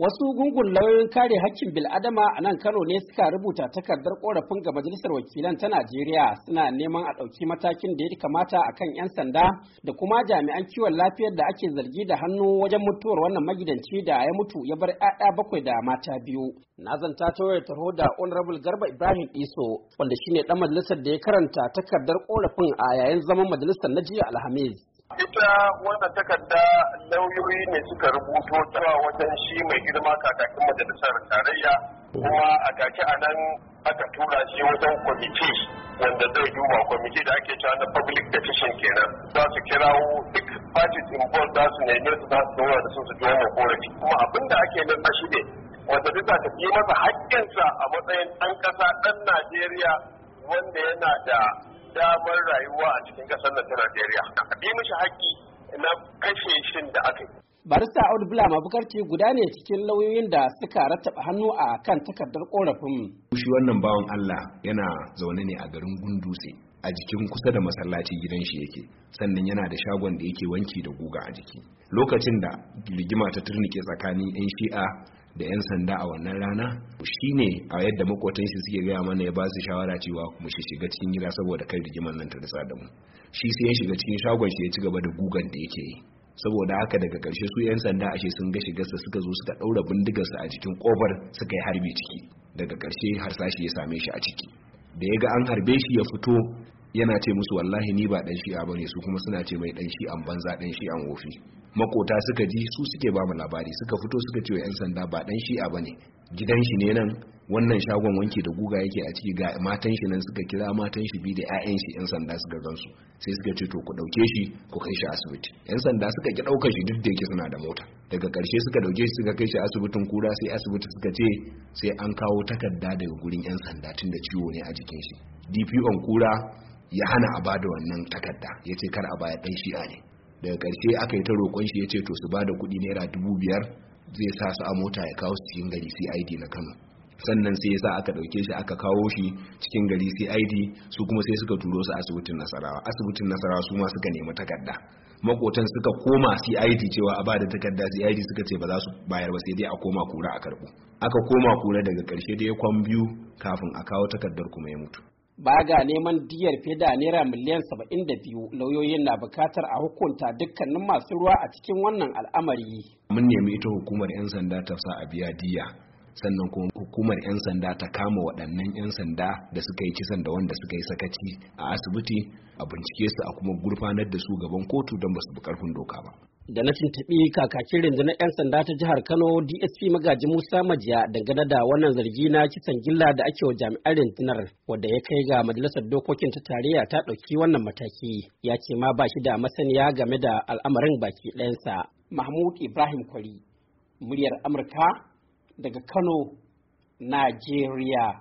Wasu gungun lauyoyin kare hakkin bil'adama a nan Kano ne suka rubuta takardar korafin ga Majalisar Wakilan ta Najeriya suna neman a ɗauki matakin da ya kamata a kan 'yan sanda da kuma jami'an kiwon lafiyar da ake zargi da hannu wajen mutuwar wannan magidanci da ya mutu ya bar 'ya'ya bakwai da mata biyu. Na zanta ta wayar taho da Honorable Garba Ibrahim Iso wanda shine ɗan majalisar da ya karanta takardar korafin a yayin zaman majalisar na jiya Alhamis. Ita wannan takarda lauyoyi ne suka rubuto ta wajen shi mai girma kakakin majalisar tarayya kuma a take a nan aka tura shi wajen kwamiti wanda zai duba kwamiti da ake cewa na public petition kenan za su kirawo duk parties involved za su neme su za su dora da su su joma korafi kuma abin da ake nan shi ne wanda duk za ta fi masa haƙƙinsa a matsayin ɗan ƙasa ɗan Najeriya wanda yana da damar rayuwa a cikin kasar nan ta Najeriya. A bi mishi haƙƙi na kashe shin da aka yi. Barista Audu Bula mabukarci guda ne cikin lauyoyin da suka rattaba hannu a kan takardar korafin. Shi wannan bawan Allah yana zaune ne a garin Gundutse a jikin kusa da masallacin gidan shi yake sannan yana da shagon da yake wanki da guga a jiki lokacin da rigima ta turnike tsakanin 'yan shi'a da 'yan sanda a wannan rana shi ne a yadda makotan shi suke gaya mana ya ba su shawara cewa mu shi shiga cikin gida saboda kai rigimar nan ta da mu shi sai ya shiga cikin shagon shi ya ci gaba da gugan da yake yi saboda haka daga karshe su 'yan sanda ashe sun ga shigarsa suka zo suka ɗaura bindigarsa a cikin kofar suka yi harbi ciki daga karshe harsashi ya same shi a ciki da ya ga an harbe shi ya fito yana ce musu wallahi ni ba dan shi'a bane su kuma suna ce mai dan shi'an banza dan shi'an wofi makota suka ji su suke ba mu labari suka fito suka ce wa yan sanda ba dan shi'a bane gidan shi ne nan wannan shagon wanke da guga yake a ciki ga matan shi nan suka kira matan shi bi da 'ya'yan shi yan sanda suka gansu sai suka ce to ku dauke shi ku kai shi asibiti yan sanda suka ki dauka shi duk da yake suna da mota daga karshe suka dauke shi suka kai shi asibitin kura sai asibiti suka ce sai an kawo takarda daga gurin yan sanda tunda ciwo ne a jikin shi DPO kura ya hana a bada wannan takarda ya ce kar a baya ɗan shi'a ne daga ƙarshe aka yi ta roƙon shi ya ce to su bada da kuɗi naira dubu biyar zai sa su a mota ya kawo su cikin gari cid na kano sannan sai ya sa aka ɗauke shi aka kawo shi cikin gari cid su kuma sai suka turo su asibitin nasarawa asibitin nasarawa su ma suka nemi takarda makotan suka koma cid cewa a bada da takarda cid suka ce ba za su bayar ba sai dai a koma kura a karɓo aka koma kura daga ƙarshe da ya kwan biyu kafin a kawo takardar kuma ya mutu Ba ga neman diyar fiye da naira miliyan saba'in da biyu lauyoyin na bukatar a hukunta dukkanin masu ruwa a cikin wannan al'amari. Mun nemi ita hukumar 'yan sanda ta sa a biya diya sannan kuma hukumar 'yan sanda ta kama waɗannan 'yan sanda da suka yi kisan da wanda suka yi sakaci a asibiti a bincike su a kuma gurfanar da su gaban kotu don ba su bi karfin doka ba. Da na tuntuɓi kakakin rundunar 'yan sanda ta jihar Kano DSP Magaji Musa Majiya dangane da wannan zargi na kisan gilla da ake wa jami'an rundunar wadda ya kai ga majalisar dokokin ta tarayya ta ɗauki wannan mataki ya ce ma ba shi da masaniya game da al'amarin baki ɗayansa. Mahmud Ibrahim Kwari, muryar Amurka daga Kano, Najeriya.